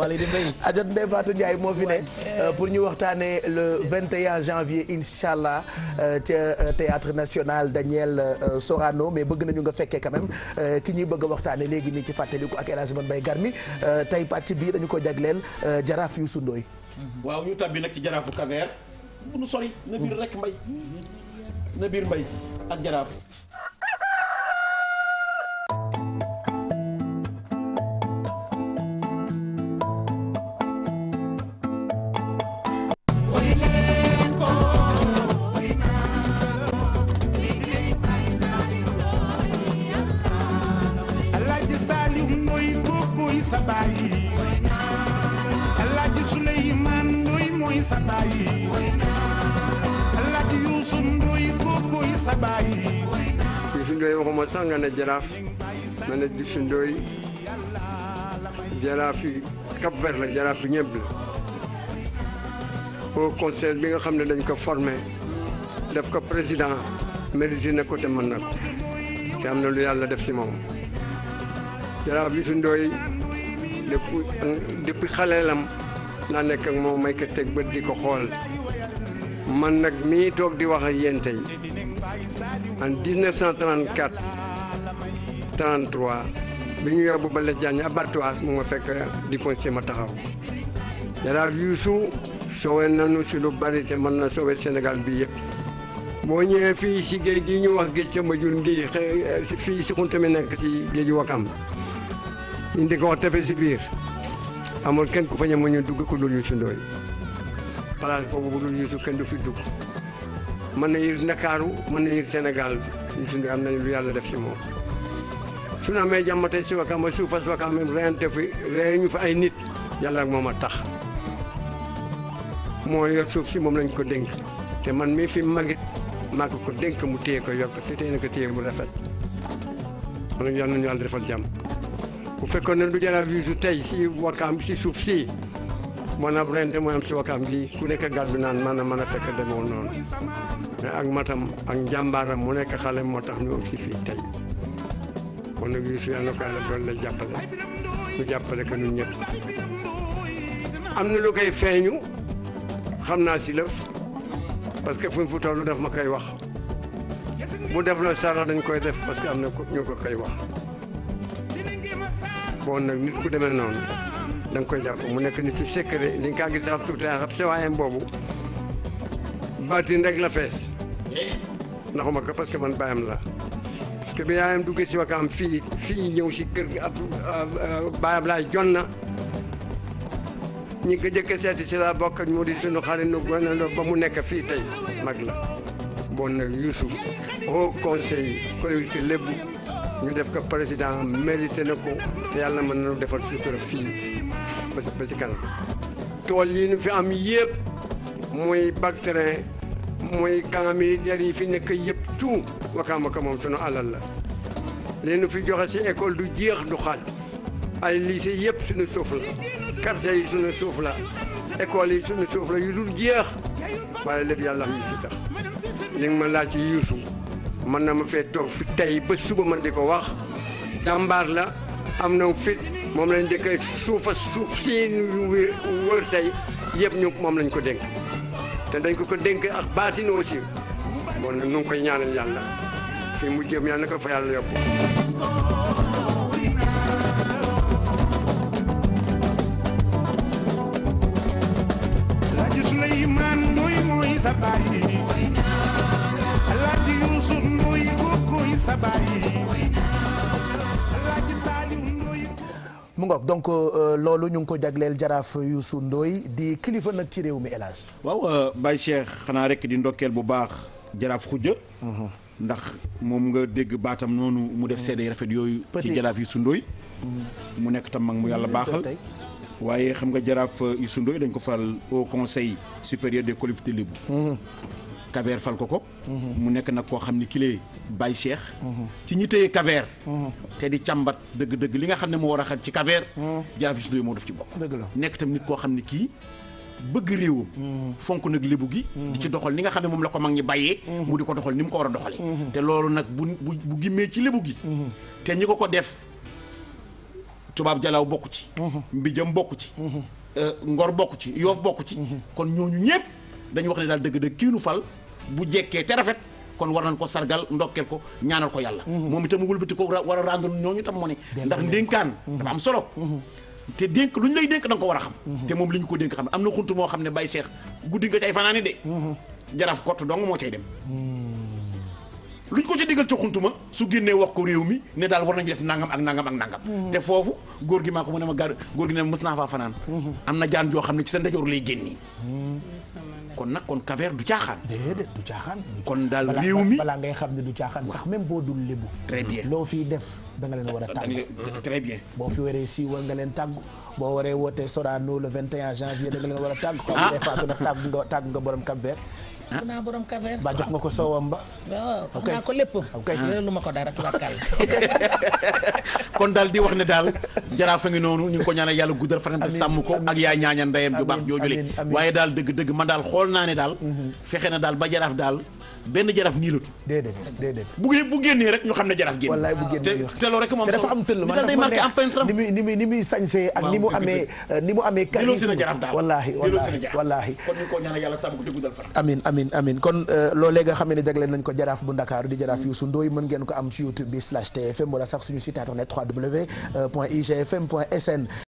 wala di mbay ajot Ndeye moo fi ne euh, pour ñu waxtaane le 21 janvier incha allah euh, ca euh, théâtre national Daniel Sorano mais bëgg nañu nga fekkee quand même ki ñuy bëgg a waxtaanee léegi nii ci fàttaliku ak El bay Mbaye Garmi tey ci bii dañu ko jagleel jaraaf Youssou Ndoye mm-hmm. waaw ñu tàbbi nag ci jaraafu Kaver bu nu sori na biir mbay na mbay ak jaraaf sa baay Alaaji Suleymaan Ndoy mooy sa baay Alaaji Yuusu Ndoy kookoy sa baay Yuusu Ndoy waxuma sax nga ne jaraaf ma ne Yuusu Ndoy jaraaf yi Cap Vert la jaraaf yi ñëpp la au conseil bi nga xam ne dañ ko formé def ko président mérité na ko te mën na ko te am na lu yàlla def ci moom jaraaf Yuusu Ndoy depuis euh, depuis xaleelam na nekk ak moom may ko teg bët di ko xool man nag mii toog di wax ak yéen tey en 1934 33 bi ñu yóbbu Blaise Diagne abattoir mu ma fekk di foncé ma taxaw Jaraaf Youssou sowe nañu si lu bari te mën na sowe Sénégal bi yëpp boo ñëwee fii si géej gi ñu wax géej sama jur ngi fii si xunta mi nekk si géeju Wakam indi ko tefe si biir amul kenn ku fa ñëw ñu dugg ku dul Youssou Ndoye place boobu bu dul Youssou kenn du fi dugg mën na yër Ndakaaru mën na yër senegal Youssou Ndoye am nañu lu yàlla def si moom. ma ñu amee jàmm tey si Wakam suufa si Wakam reyante fi rey ñu fa ay nit yàlla moom a tax moo yor suuf si moom lañ ko denk te man mii fi magit maa ko ko dénk mu téye ko yokk te téye na ko téye bu rafet kon yàlla nañu yàlla defal bu fekkoon ne du janaar bi su tey si wakaam si suuf si maanaam ren de mooy am si wakaam gi ku nekk bi naan man a man a fekk demoon noonu mais ak matam ak njàmbaaram mu nekk xale moo tax ñu si fii tey nag Youssou yàlla na ko la jàppale ñu jàppale ko am na lu koy feeñu xam naa si lëf parce que fu mu fu toll def ma kay wax bu def la sara dañ koy def parce que am na ñu ko koy wax kon nag nit ku deme noonu dang koy jàpp mu nekk nit ku secret li nga kaa gis sax tuuti xam sewaayam boobu baatin rek la fees ndaxuma ko parce que man baayam la parce que bi yaayam duggee si am fii fii ñëw si kër gi ab baayam laay jon na ñi ko jëkke seeti si laa bokk mu di sunu xarit nu gonando ba mu nekk fii tey mag la bon nag Youssou haut conseil collectivité lébu ñu def ko président mérité na ko te yàlla mën nañu defal sutura fii ba ba ci kanam tool yi nu fi am yëpp muy bactrin muy camp militaire yi fi nekk yëpp tu wakaam ak moom sunu alal la li ñu fi joxe si école du jeex du xaaj ay lycée yëpp suñu suuf la quartier yi suñu suuf la école yi suñu suuf la yu dul jeex waaye lépp yàlla ñu ci tax li ma laaj ci Yuusu mën na ma fee toog fi tey ba suba man di ko wax jàmbaar la am na fit moom lañ dëkkee suufa suuf siin wër tey yëpp ñu moom lañ ko dénk te dañ ko ko dénk ak baatin aussi bon nu ngi koy ñaanal yàlla fi mu jëm yàlla na ko fa yàlla yokku Suleymaan mooy mooy sa baay mu ngoog donc euh, loolu ñu ngi ko jagleel jaraaf Youssou Ndoye di kilifa nag ci réew mi hélas waaw euh, Baye Cheikh xanaa rek di ndokkeel bu baax jaraaf xujja mhm. ndax moom nga dégg baatam noonu mu def mhm. seede rafet yooyu ci jaraaf Youssou sundooy mhm. mu nekk tam mag mu yàlla baaxal waaye xam nga jaraaf Youssou Ndoye dañ ko faral au conseil supérieur des collectivités libres Kaver fal ko ko. Mhm. mu nekk nag koo xam ni kilee Baye Cheikh. Mhm. ci ñi téye Kaver. Mhm. te di càmbat dëgg-dëgg li nga xam ne moo war a xel ci Kaver. Jarvis Ndoye moo def ci bopp. nekk tam nit koo xam ni kii. bëgg réewam fonk nag lébu gi di ci doxal ni nga xam ne moom la ko mag ñi bàyyee mu di ko doxal ni mu ko war a doxale te loolu nag bu bu gimmee ci lébu gi te ñi ko ko def tubaab jalaaw bokk ci mbijam bokk ci euh, ngor bokk ci yoof bokk ci kon ñooñu ñëpp dañu wax ne daal dëgg-dëgg kii nu fal bu jekkee te rafet kon war nañ ko sargal ndokkeel ko ñaanal ko yàlla mhm. moom itam wëlbati ko war a rendre ñooñu tam mo ne ndax ndénkaan dafa am solo mhm. te dénk lu ñu lay dénk da ko war a xam mhm. moom li ñu ko dénk xam am na xunt moo xam ne Baye Cheikh guddi nga cay fanaani de jaraf kott dong moo cay dem lu ko ca digal ca su génnee wax ko réew mi ne daal war nañu def nangam ak nangam ak nangam te foofu góor gi maa ko mu ne ma gar góor gi ne mës naa faa fanaan am na jaan joo xam ne ci sa ndejoor lay génni kon nag kon Cap-Vert du caaxaan. déedéet du caaxaan. kon daal réew mi balaa ngay xam ne du caaxaan sax même boo dul lébu. très bien loo fi def da nga leen war a tàggu. très bien. boo fi waree si war nga leen tàggu boo waree wootee Sorano le 21 janvier da nga leen war a tàggu. ah xam nga des fois nag tàggu nga tàggu nga bu ah. naa borom ba jox nga ko soowam ba waaw naa ko ah. ma ko dara kon daal di wax ne daal jaraaf a ngi noonu ñu ngi ko ñaanal yàlla guddal fanam te sàmm ko ak yaa ñaañan ndeyam ju baax joojule waaye daal dëgg dëgg ma daal xool naa ne daal mhm. fexe na daal ba jaraaf daal benn jaraaf nii la tudd. déedéet déedéet. bu bu génnee rek ñoo xam ne jaraaf génn. wallaay bu génnee te loolu rek moom te dafa am tëll man ni muy ni muy ni muy sañsee ak euh, ni mu amee ni mu amee charisme wallaahi wallaahi wallaahi kon ñu ko ñaanal yàlla sàmm ko te guddal fan amin amin amin kon euh, loolee nga xam ne jagleel nañ ko jaraaf bu Ndakaaru di jaraaf su Ndoye mën ngeen ko am ci youtube bi slash tfm wala sax suñu site internet www.igfm.sn